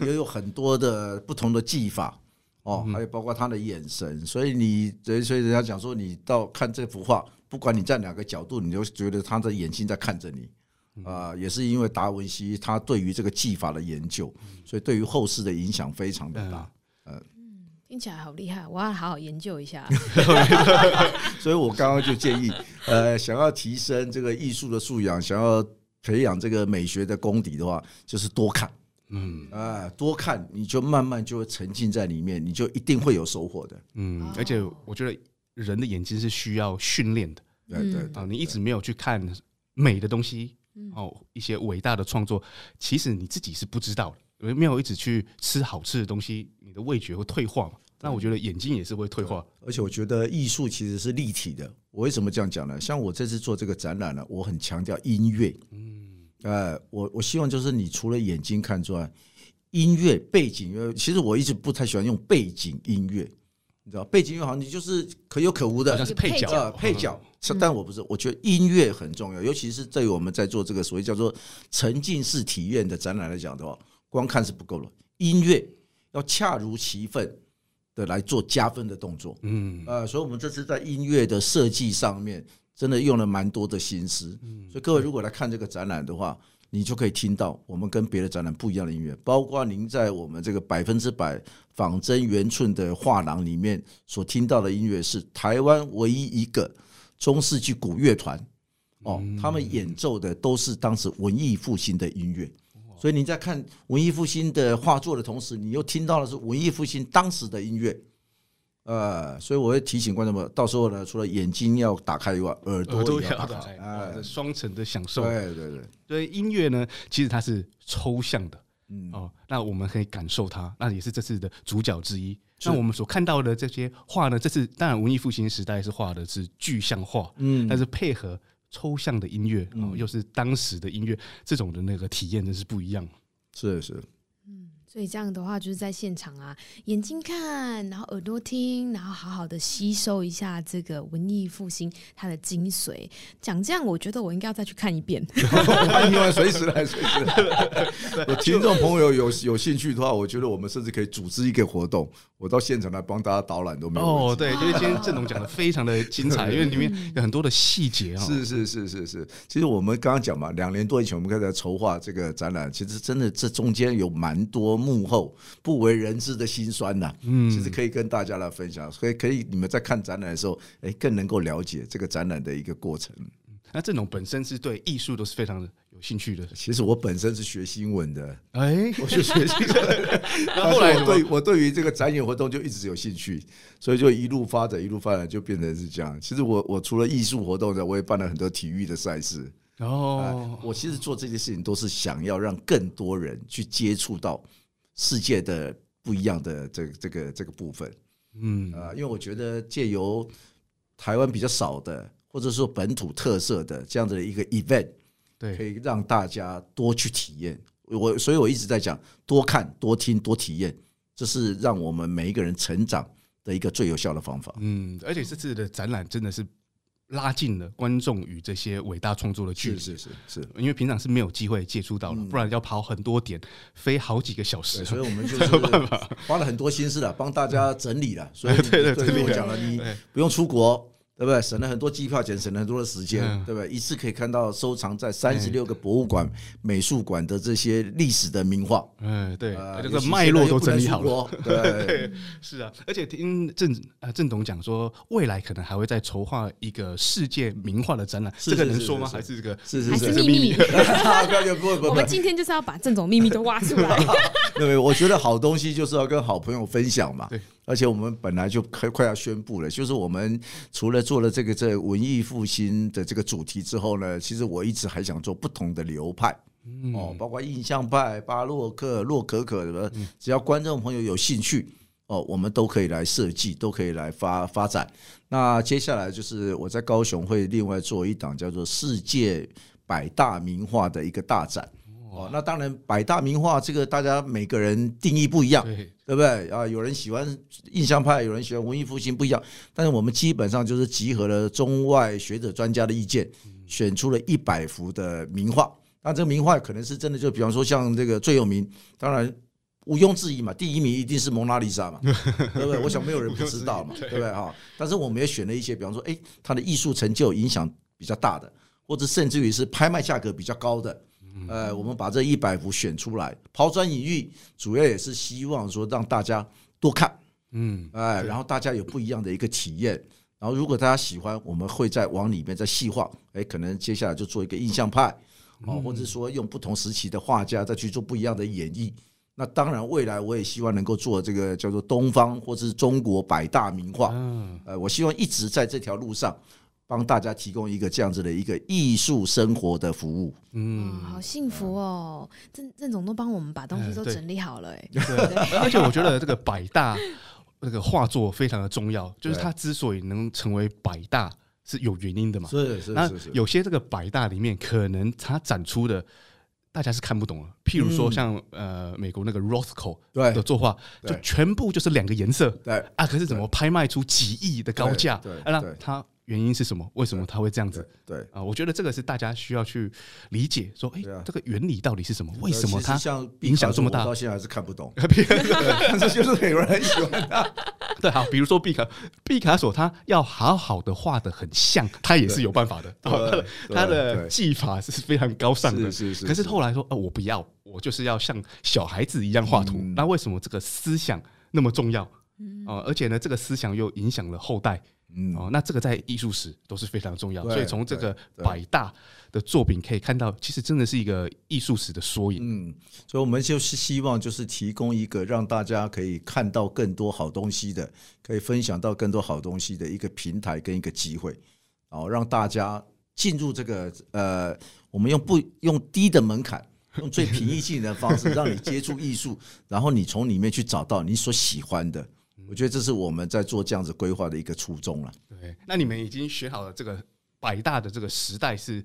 也有很多的不同的技法 哦，還有包括他的眼神，所以你所以人家講說，你到看這幅畫，不管你在哪個角度，你都覺得他的眼睛在看着你。啊、呃，也是因為達文西他對於這個技法的研究，嗯、所以對於後世的影響非常的大。嗯、啊呃，聽起來好厲害，我要好好研究一下。 所以我剛剛就建議，呃，想要提升這個藝術的素養，想要培養這個美學的功底的話，就是多看。嗯，啊、呃，多看你就慢慢就會沉浸在裡面，你就一定會有收穫的。嗯，而且我覺得人的眼睛是需要訓練的。對、嗯、對、嗯、啊，你一直沒有去看美的東西。哦，一些偉大的創作，其實你自己是不知道的。因為沒有一直去吃好吃的東西，你的味覺會退化嘛？那我覺得眼睛也是會退化。而且我覺得藝術其實是立體的。我為什麼這樣講呢？像我這次做這個展覽呢，我很強調音樂。嗯，呃，我我希望就是你除了眼睛看之外，音樂背景，因為其實我一直不太喜歡用背景音樂。你知道背景音樂好像你就是可有可無的，但是配角啊，配角。但我不是，我覺得音樂很重要，尤其是對於我們在做這個所謂叫做沉浸式體驗的展覽來講的話，光看是不夠了，音樂要恰如其分的來做加分的動作。嗯，嗯，呃，所以我們這次在音樂的設計上面真的用了蠻多的心思。所以各位如果來看這個展覽的話。你就可以聽到我們跟別的展覽不一樣的音樂，包括您在我們這個百分之百仿真原寸的畫廊裡面所聽到的音樂，是台灣唯一一個中世紀古樂團哦，他們演奏的都是當時文藝復興的音樂，所以你在看文藝復興的畫作的同時，你又聽到的是文藝復興當時的音樂。呃，所以我會提醒觀眾們，到時候呢，除了眼睛要打開以外，耳朵都要打開，哎、嗯，雙層的享受。對對對，所以音樂呢，其實它是抽象的，嗯哦，那我們可以感受它，那也是這次的主角之一。那我們所看到的這些畫呢，這是當然，文藝復興時代是畫的是具象化，嗯，但是配合抽象的音樂，然、哦、後又是當時的音樂、嗯，這種的那個體驗真是不一樣，是是。所以這樣的話，就是在現場啊，眼睛看，然後耳朵聽，然後好好的吸收一下這個文藝復興它的精髓。講這樣，我覺得我應該要再去看一遍。歡迎隨時來，隨時來 對。我聽眾朋友有有興趣的話，我覺得我們甚至可以組織一個活動，我到現場來幫大家導覽都沒有哦，oh, 對，wow. 因為今天鄭總講的非常的精彩，因為裡面有很多的細節啊。是是是是是，其實我們剛剛講嘛，兩年多以前我們開始籌劃這個展覽，其實真的這中間有蠻多。幕後不為人知的心酸吶、啊，嗯，其實可以跟大家來分享，所以可以你們在看展覽的時候，哎，更能夠了解這個展覽的一個過程、嗯。那這種本身是對藝術都是非常有興趣的。其實我本身是學新聞的，哎，我是學，學新聞的， 後來我對我對於這個展演活動就一直有興趣，所以就一路發展，一路發展，就變成是這樣。其實我我除了藝術活動呢，我也辦了很多體育的賽事。哦、啊，我其實做這些事情都是想要讓更多人去接觸到。世界的不一樣的這個這個這個部分，嗯啊，因為我覺得借由台灣比較少的，或者說本土特色的這樣子的一個 event，對，可以讓大家多去體驗。我所以，我一直在講多看、多聽、多體驗，這是讓我們每一個人成長的一個最有效的方法。嗯，而且這次的展覽真的是。拉近了觀眾與這些偉大創作的距離，是是是，是因為平常是沒有機會接觸到的，嗯，不然要跑很多點，飛好幾個小時，所以我們就沒有辦法花了很多心思了，幫大家整理了，所以對對，對邊我講了，你不用出國。對不對？省了很多機票錢，省了很多的時間、嗯，對不對？一次可以看到收藏在三十六個博物館、哎、美術館的這些歷史的名畫。嗯、哎，對，呃、對這個脈絡都整理好了對對。對，是啊。而且聽鄭啊鄭董講說，未來可能還會再籌劃一個世界名畫的展覽。這個能說嗎？是是還是這個是是，是，是，是秘密？秘密 我們今天就是要把鄭總秘密都挖出來。 對，我覺得好東西就是要跟好朋友分享嘛。 對， 而且我們本來就快快要宣布了，就是我們除了做了這個這文藝復興的這個主題之後呢，其實我一直還想做不同的流派，哦，包括印象派、巴洛克、洛可可什麼，只要觀眾朋友有興趣，哦，我們都可以來設計，都可以來發發展。那接下來就是我在高雄會另外做一檔叫做《世界百大名畫》的一個大展。哦、wow.，那當然，百大名畫這個大家每個人定義不一樣，對，對不對啊？有人喜歡印象派，有人喜歡文藝復興，不一樣。但是我們基本上就是集合了中外學者專家的意見，嗯、選出了一百幅的名畫。那這個名畫可能是真的，就比方說像這個最有名，當然毋庸置疑嘛，第一名一定是蒙娜麗莎嘛， 對不對？我想沒有人不知道嘛， 對，對，對不對啊？但是我們也選了一些，比方說，哎，他的藝術成就影響比較大的，或者甚至於是拍賣價格比較高的。嗯、呃，我們把這一百幅選出來，拋磚引玉，主要也是希望說讓大家多看，嗯，哎、呃，然後大家有不一樣的一個體驗。然後如果大家喜歡，我們會再往裡面再細化。哎、欸，可能接下來就做一個印象派，啊、哦，或者說用不同時期的畫家再去做不一樣的演繹、嗯。那當然，未來我也希望能夠做這個叫做東方或是中國百大名畫。嗯、呃，我希望一直在這條路上。幫大家提供一個這樣子的一個藝術生活的服務，嗯，好幸福哦！鄭鄭總都幫我們把東西都整理好了，哎、呃，對，對， 對，而且我覺得這個百大 那個畫作非常的重要，就是它之所以能成為百大是有原因的嘛，是，是，是，那是是是有些這個百大裡面可能它展出的大家是看不懂的，譬如說像、嗯、呃美國那個 Rothko 對的作畫，就全部就是兩個顏色，對，啊，可是怎麼拍賣出幾億的高價？對，那他。原因是什麼？為什麼他會這樣子？對啊、呃，我覺得這個是大家需要去理解說，說、欸、哎、啊，這個原理到底是什麼？為什麼他影響這麼大？到現在還是看不懂。就是有人喜歡他。 對啊，比如說畢卡，畢卡索他要好好的畫得很像，他也是有辦法的，、哦他的。他的技法是非常高尚的，是是是可是後來說，哦、呃，我不要，我就是要像小孩子一樣畫圖、嗯。那為什麼這個思想那麼重要？哦、嗯呃，而且呢，這個思想又影響了後代。嗯、哦，那這個在藝術史都是非常重要的，所以從這個百大的作品可以看到，其實真的是一個藝術史的縮影。嗯，所以我們就是希望，就是提供一個讓大家可以看到更多好東西的，可以分享到更多好東西的一個平台跟一個機會，然後讓大家進入這個呃，我們用不用低的門檻，用最平易近人的方式，讓你接觸藝術， 然後你從裡面去找到你所喜歡的。我覺得這是我們在做這樣子規劃的一個初衷了。對，那你們已經學好了這個百大的這個時代是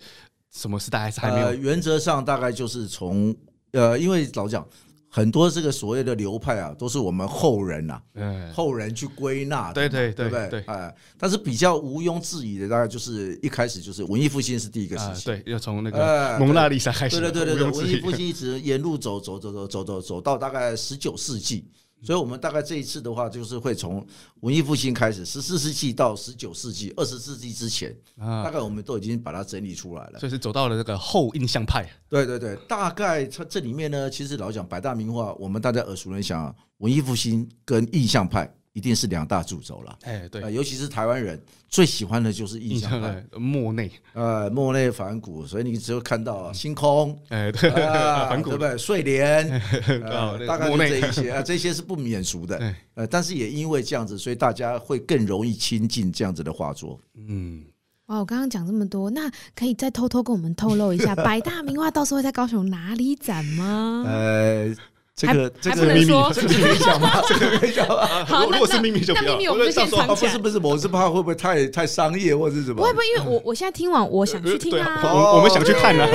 什麼時代？還是還沒有？呃、原則上大概就是從呃，因為老實講很多這個所謂的流派啊，都是我們後人啊，呃、後人去歸納的。對對對對不對？對對，對，對、呃。但是比較毋庸置疑的，大概就是一開始就是文藝復興是第一個時期，呃、對，要從那個蒙娜麗莎開始。對對對對對，文藝復興一直沿路走走走走走走走，走，走到大概十九世紀。所以，我們大概這一次的話，就是會從文藝復興開始，十四世紀到十九世紀、二十世紀之前，大概我們都已經把它整理出來了。就是走到了這個後印象派。對對對，大概它這裡面呢，其實老講百大名畫，我們大家耳熟能詳。文藝復興跟印象派。一定是兩大主軸了，對、呃，尤其是台灣人最喜歡的就是印象派，嗯、莫內，呃，梵谷，所以你只有看到星空，哎、嗯，梵、欸、谷、對、啊、對不對？睡蓮、哦呃，大概就這一些啊，這些是不免俗的，呃，但是也因為這樣子，所以大家會更容易親近這樣子的畫作。嗯，哦，我剛剛講這麼多，那可以再偷偷跟我們透露一下， 百大名畫到時候會在高雄哪裡展嗎？呃。這個這個秘密，這個可以講嗎？ 這個可以講嗎？好，如果那秘那，那秘密我們就，說我們就先不講。不是不是，我是怕會不會太太商業或是什麼？會不會因為我、嗯、我現在聽完，我想去聽啊、呃？啊哦、我們想去看了、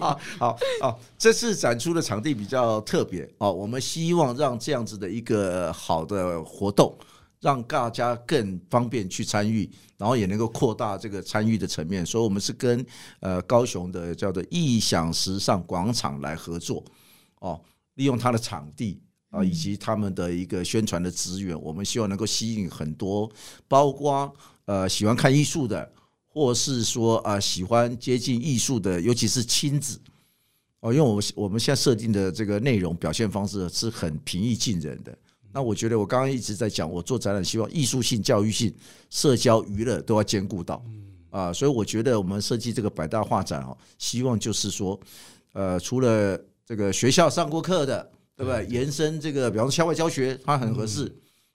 啊。好，哦，這次展出的場地比較特別哦，我們希望讓這樣子的一個好的活動，讓大家更方便去參與，然後也能夠擴大這個參與的層面。所以，我們是跟呃高雄的叫做義享時尚廣場來合作哦。利用他的場地啊，以及他們的一個宣傳的資源，我們希望能夠吸引很多，包括呃喜歡看藝術的，或是說啊喜歡接近藝術的，尤其是親子哦，因為我們我們現在設定的這個內容表現方式是很平易近人的。那我覺得我剛剛一直在講，我做展覽希望藝術性、教育性、社交、娛樂都要兼顧到，啊，所以我覺得我們設計這個百大畫展哦，希望就是說，呃，除了。這個學校上過課的，對不對？延伸這個，比方說校外教學，它很合適，對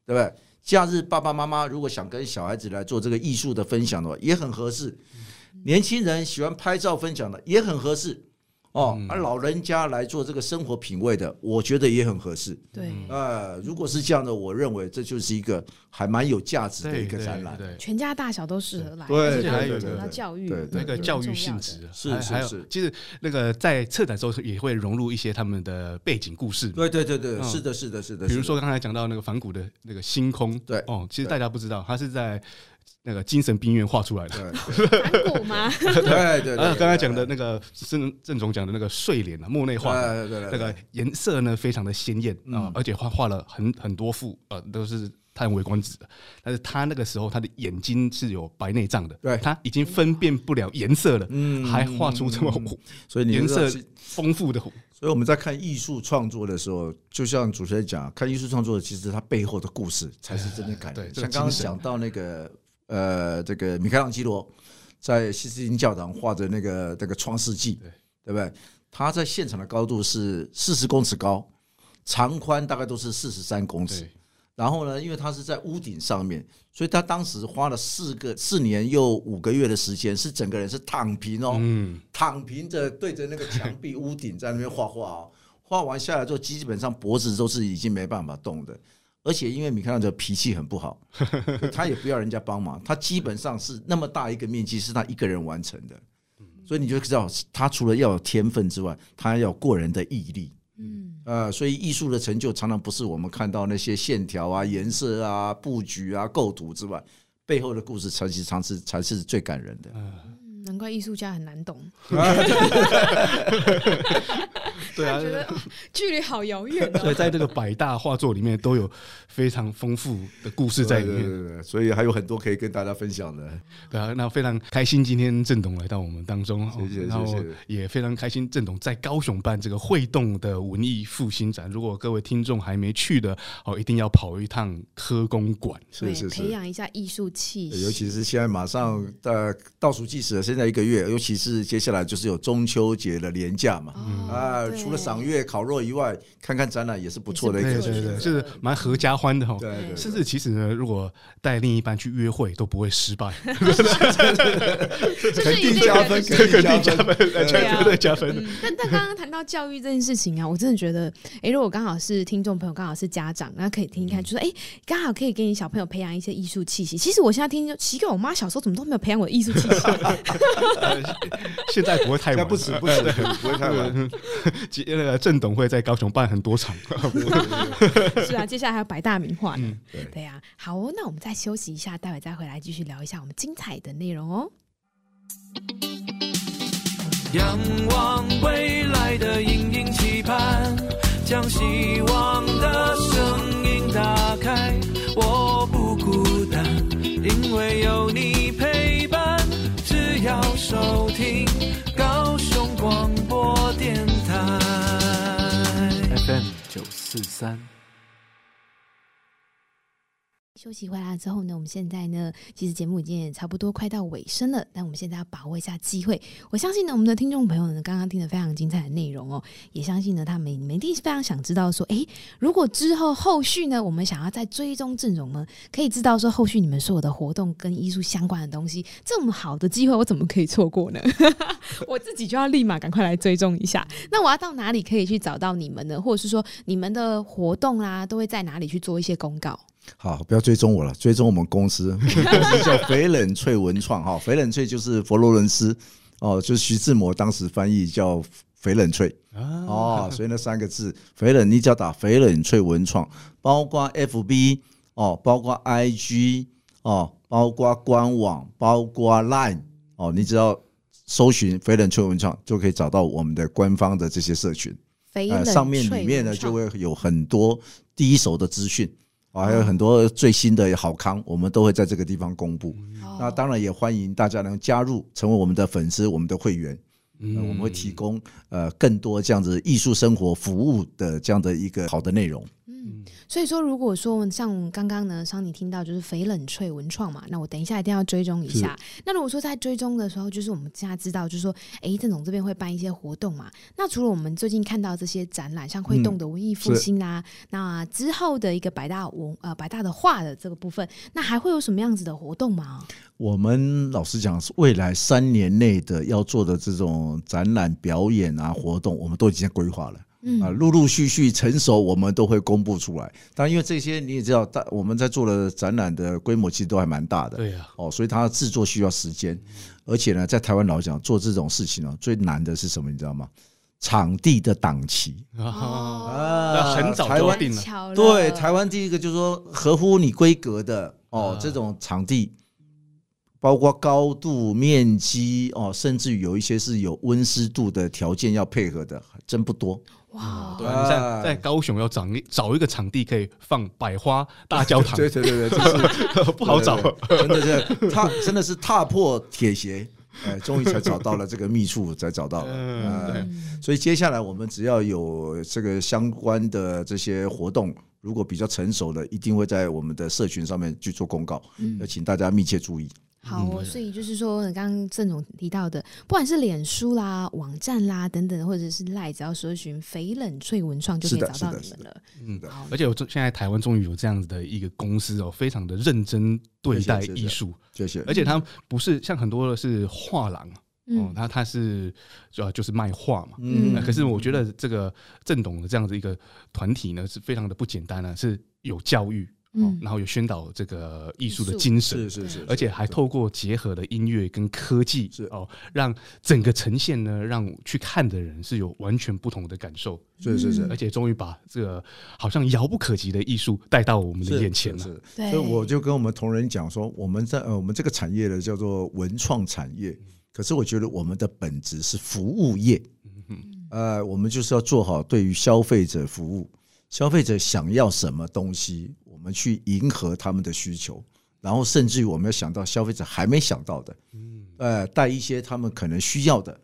不對？假日爸爸媽媽如果想跟小孩子來做這個藝術的分享的話，也很合適。年輕人喜歡拍照分享的，也很合適。哦，而、啊、老人家來做這個生活品味的，我覺得也很合適。對，呃，如果是這樣的，我認為這就是一個還蠻有價值的一個展覽，對，對，對，對，全家大小都適合來的。對，對，對，對，而且還有教育，對對對對，那個教育性質是，還有是、是、是，其實那個在策展的時候也會融入一些他們的背景故事。對，對，對，對，對，對，是的，是的，是、是的。比如說剛才講到那個梵谷的那個星空，對，對，對，對，哦、嗯，其實大家不知道，它是在。那個精神病院畫出來的？對對對，剛才講的那個是鄭總講的那個睡蓮啊，莫內畫，對對對，那個顏色呢非常的鮮豔啊，而且畫畫了很很多幅，呃、都是嘆為觀止的。但是他那個時候他的眼睛是有白內障的，對，他已經分辨不了顏色了，嗯，還畫出這麼紅，所以顏色豐富的紅。所以我們在看藝術創作的時候，就像主持人講，看藝術創作的，其實它背後的故事才是真的感覺。對對對對，就像剛剛講到那個。呃，這個米開朗基羅在西斯廷教堂畫的那個這個《創世紀》對，對不對？他在現場的高度是四十公尺高，長寬大概都是四十三公尺。然後呢，因為他是在屋頂上面，所以他當時花了四個四年又五個月的時間，是整個人是躺平哦，嗯、躺平着對着那個牆壁屋頂在那邊畫畫啊、哦。畫完下來之後，基本上脖子都是已經沒辦法動的。而且因為米開朗基羅的脾氣很不好，他也不要人家幫忙，他基本上是那麼大一個面積是他一個人完成的，所以你就知道他除了要有天分之外，他還要過人的毅力。嗯，所以藝術的成就常常不是我們看到那些線條啊、顏色啊、布局啊、構圖之外，背後的故事才是常是才是最感人的。難怪藝術家很難懂。 對啊，我覺得距離好遙遠、哦。所以，在這個百大畫作裡面都有非常豐富的故事在裡面，所以還有很多可以跟大家分享的。對啊、嗯，那非常開心今天鄭董來到我們當中，謝謝謝謝。也非常開心鄭董在高雄辦這個會動的文藝復興展，如果各位聽眾還沒去的，哦，一定要跑一趟科工館，可以培養一下藝術氣息。尤其是現在馬上呃倒數計時。現在一個月，尤其是接下來就是有中秋節的連假嘛，嗯、啊，除了賞月烤肉以外，看看展覽也是不錯的一對對對對對對，就是蠻合家歡的哈。對對，對。甚至其實呢，對對對，如果帶另一半去約會都不會失敗，肯是、就是一定、就是、肯定加分，肯定加分，絕對加分。嗯嗯嗯、但但剛剛談到教育這件事情啊，我真的覺得，哎、欸，如果剛好是聽眾朋友剛好是家長，那可以聽一看，嗯、就是、說，哎、欸，剛好可以給你小朋友培養一些藝術氣息。其實我現在聽就奇怪，其實我媽小時候怎麼都沒有培養我的藝術氣息。 現在不會太晚，不遲不遲， 不，止 不會太晚。那個鄭董會在高雄辦很多場。啊。接下來還有百大名畫呢、嗯，對呀、啊。好哦，那我們再休息一下，待會再回來繼續聊一下我們精彩的內容哦。仰望未來的殷殷期盼，將希望的聲音打開，我不孤單，因為有你陪伴。只要收聽高雄廣播電台。FM 九四三。休息回來之後呢，我們現在呢，其實節目已經也差不多快到尾聲了。但我們現在要把握一下機會。我相信呢，我們的聽眾朋友呢，剛剛聽了非常精彩的內容哦、喔，也相信呢，他們你們一定是非常想知道說，哎、欸，如果之後後續呢，我們想要再追蹤陣容呢，可以知道說後續你們所有的活動跟藝術相關的東西，這麼好的機會，我怎麼可以錯過呢？ 我自己就要立馬趕快來追蹤一下。 那我要到哪裡可以去找到你們呢？或者是說，你們的活動啦、啊，都會在哪裡去做一些公告？好，不要追蹤我了，追蹤我們公司，我們公司叫“翡冷翠文創哦”，哈，“翡冷翠”就是佛羅倫斯哦，就徐志摩當時翻譯叫“翡冷翠”啊，哦，所以那三個字“翡冷”，你只要打“翡冷翠文創”，包括 FB 哦，包括 IG 哦，包括官網，包括 Line 哦，你只要搜尋“翡冷翠文創”，就可以找到我們的官方的這些社群，文創，呃，上面裡面呢，就會有很多第一手的資訊。還有很多最新的好康，我們都會在這個地方公布。那當然也歡迎大家能加入，成為我們的粉絲、我們的會員。我們會提供呃更多這樣子藝術生活服務的這樣的一個好的內容。嗯。所以說，如果說像剛剛呢，桑尼聽到就是“翡冷翠文創”嘛，那我等一下一定要追蹤一下。那如果說在追蹤的時候，就是我們現在知道，就是說，哎、欸，鄭總這邊會辦一些活動嘛。那除了我們最近看到這些展覽，像《會動的文藝復興》啊啦，嗯，那之後的一個百大文呃百大的畫的這個部分，那還會有什麼樣子的活動嗎？我們老實講，是未來三年內的要做的這種展覽、表演啊、活動，我們都已經規劃了。嗯嗯啊，陸陸續續成熟，我們都會公布出來。但因為這些你也知道，我們在做的展覽的規模其實都還蠻大的。哦，對呀，哦，所以它製作需要時間。而且呢，在台灣老講做這種事情哦，最難的是什麼？你知道嗎？場地的檔期啊，那很早台灣定了，對，台灣第一個就是說合乎你規格的哦，這種場地，包括高度、面積哦，甚至於有一些是有溫濕度的條件要配合的，還真不多。哇、wow, 嗯！對，在在高雄要找一找一個場地可以放百花大教堂， 對對對對，就是 不好找，真的是踏真的是踏破鐵鞋，哎，終於才找到了這個秘處，才找到了、 嗯呃、所以接下來我們只要有這個相關的這些活動，如果比較成熟的，一定會在我們的社群上面去做公告，嗯、要請大家密切注意。好、哦嗯，所以就是說，剛剛鄭董提到的，不管是臉書啦、網站啦等等，或者是賴，只要搜尋“翡冷翠文創”，就可以找到你們了。嗯，好，而且我現在台灣終於有這樣子的一個公司哦，非常的認真對待藝術，謝謝。而且他不是像很多的是畫廊哦，他、嗯、他、嗯、是主要就就是賣畫嘛。嗯，可是我覺得這個鄭董的這樣子一個團體呢，是非常的不簡單、啊、是有教育。哦、然後有宣導這個藝術的精神，是是是，而且還透過結合的音樂跟科技，是、嗯、哦，讓整個呈現呢，讓去看的人是有完全不同的感受，嗯、是是是，而且終於把這個好像遙不可及的藝術帶到我們的眼前了，是是是。所以我就跟我們同仁講說，我們在呃我們這個產業呢叫做文創產業，可是我覺得我們的本質是服務業，嗯哼呃，我們就是要做好對於消費者服務。消費者想要什麼東西，我們去迎合他們的需求，然後甚至於我們要想到消費者還沒想到的，呃，帶一些他們可能需要的，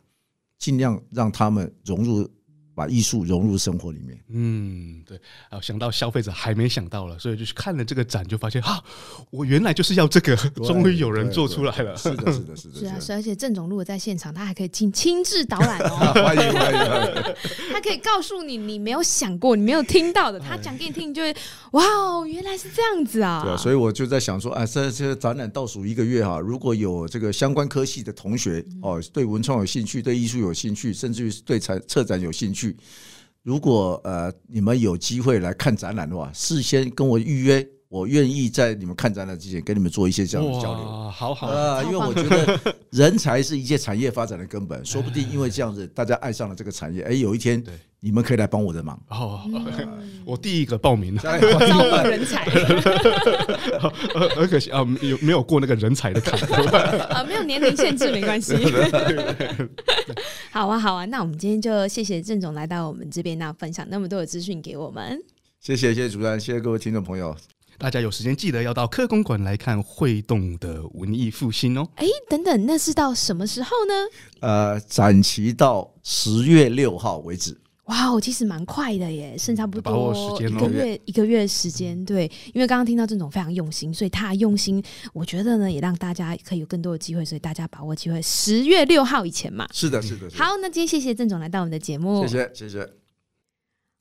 盡量讓他們融入。把藝術融入生活裡面。嗯，對。然、啊、後想到消費者還沒想到了，所以就看了這個展，就發現啊，我原來就是要這個，終於有人做出來了是是是是是是、啊。是的，是的，是的。是啊，而且鄭總如果在現場，他還可以親親自導覽哦、 啊。歡迎歡迎。 他可以告訴你你沒有想過、你沒有聽到的，他講給你聽，你就會。哇哦，原來是這樣子啊。對啊，所以我就在想說，啊，現在這個展覽倒數一個月哈、啊，如果有這個相關科系的同學哦、啊嗯，對文創有興趣、對藝術有興趣，甚至於對策策展有興趣。如果呃你們有機會來看展覽的話，事先跟我預約。我願意在你們看展的之前，跟你們做一些這樣的交流、呃。啊好好啊，因為我覺得人才是一切產業發展的根本。說不定因為這樣子，大家愛上了這個產業，哎，有一天你們可以來幫我的忙、呃。好、哦，我第一個報名、嗯，招募人才，人才好。而、呃、而可惜啊、呃，有沒有過那個人才的坎？啊，沒有年齡限制，沒關係。好啊，好啊，那我們今天就謝謝鄭總來到我們這邊，那分享那麼多的資訊給我們。謝謝，謝謝主持人，謝謝各位聽眾朋友。大家有時間記得要到科公館來看《會動的文藝復興》哦。哎、欸，等等，那是到什麼時候呢？呃，展期到十月六號為止。哇，其實蠻快的耶，剩差不多一個月，嗯、把握時間囉。一個月，一個月時間。對，因為剛剛聽到鄭總非常用心、嗯，所以他用心，我覺得呢，也讓大家可以有更多的機會，所以大家把握機會，十月六號以前嘛是，是。是的，是的。好，那今天謝謝鄭總來到我們的節目，謝謝，謝謝。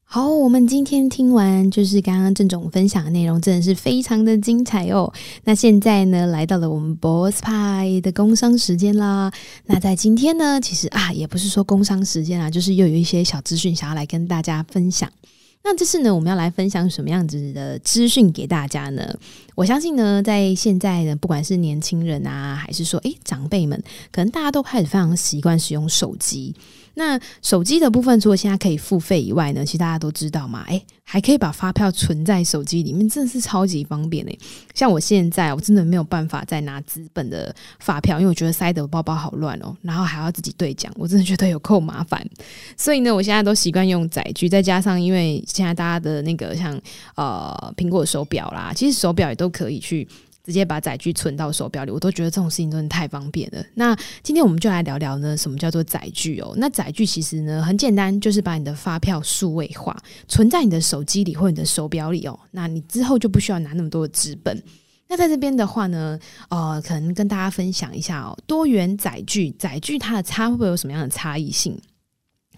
好，我們今天聽完就是剛剛鄭總分享的內容，真的是非常的精彩哦。那現在呢，來到了我們 BossPie 的工商時間啦。那在今天呢，其實啊，也不是說工商時間啊，就是又有一些小資訊想要來跟大家分享。那這次呢，我們要來分享什麼樣子的資訊給大家呢？我相信呢，在現在呢，不管是年輕人啊，還是說哎、欸、長輩們，可能大家都開始非常習慣使用手機。那手機的部分，除了現在可以付費以外呢，其實大家都知道嘛，哎、欸，還可以把發票存在手機裡面，真的是超級方便呢、欸。像我現在，我真的沒有辦法再拿紙本的發票，因為我覺得塞的包包好亂哦、喔，然後還要自己對獎，我真的覺得有夠麻煩。所以呢，我現在都習慣用載具，再加上因為現在大家的那個像呃蘋果手表啦，其實手表也都可以去，直接把載具存到手錶裡，我都覺得這種事情真的太方便了。那今天我們就來聊聊呢，什麼叫做載具哦？那載具其實呢很簡單，就是把你的發票數位化，存在你的手機裡或你的手錶裡哦。那你之後就不需要拿那麼多的紙本。那在這邊的話呢，呃，可能跟大家分享一下哦，多元載具，載具它的差會不會有什麼樣的差異性？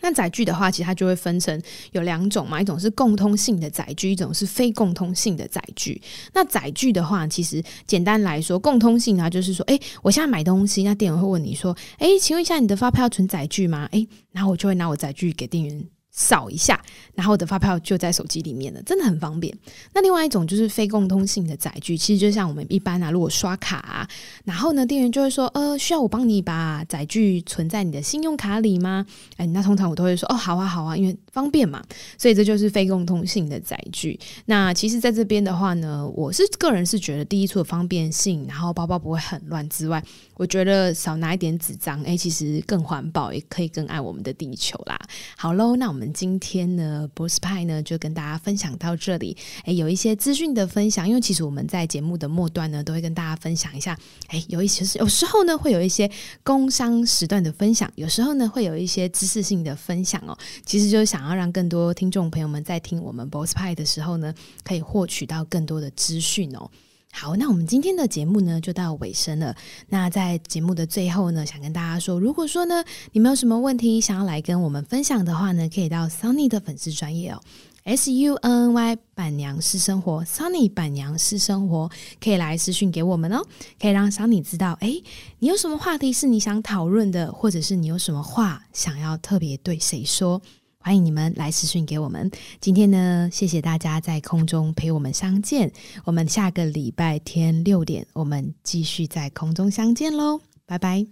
那載具的話，其實它就會分成有兩種嘛，一種是共通性的載具，一種是非共通性的載具。那載具的話，其實簡單來說，共通性啊，就是說，哎、欸，我現在買東西，那店員會問你說，哎、欸，請問一下你的發票存載具嗎？哎、欸，然後我就會拿我載具給店員。掃一下，然後我的發票就在手機裡面了，真的很方便。那另外一種就是非共通性的載具，其實就像我們一般啊，如果刷卡啊，然後呢，店員就會說：“呃，需要我幫你把載具存在你的信用卡裡嗎？”哎，那通常我都會說：“哦，好啊，好啊，因為。”方便嘛，所以這就是非共通性的載具。那其實，在這邊的話呢，我是個人是覺得第一處的方便性，然後包包不會很亂之外，我覺得少拿一點紙張，誒，其實更環保，也可以更愛我們的地球啦。好嘍，那我們今天呢，波士派呢就跟大家分享到這裡。誒，有一些資訊的分享，因為其實我們在節目的末段呢，都會跟大家分享一下。誒，有一些、就是、有時候呢，會有一些工商時段的分享，有時候呢，會有一些知識性的分享哦。其實就是想要。然後讓更多聽眾朋友們在聽我們 Boss 派的時候呢，可以獲取到更多的資訊哦。好，那我們今天的節目呢就到尾聲了。那在節目的最後呢，想跟大家說，如果說呢你們有什麼問題想要來跟我們分享的話呢，可以到 Sunny 的粉絲專頁哦，S U N N Y 板娘私生活，Sunny 板娘私生活可以來私訊給我們哦，可以讓 Sunny 知道，哎，你有什麼話題是你想討論的，或者是你有什麼話想要特別對誰說。歡迎你們來私訊給我們。今天呢，謝謝大家在空中陪我們相見。我們下個禮拜天六點，我們繼續在空中相見嘍。拜拜。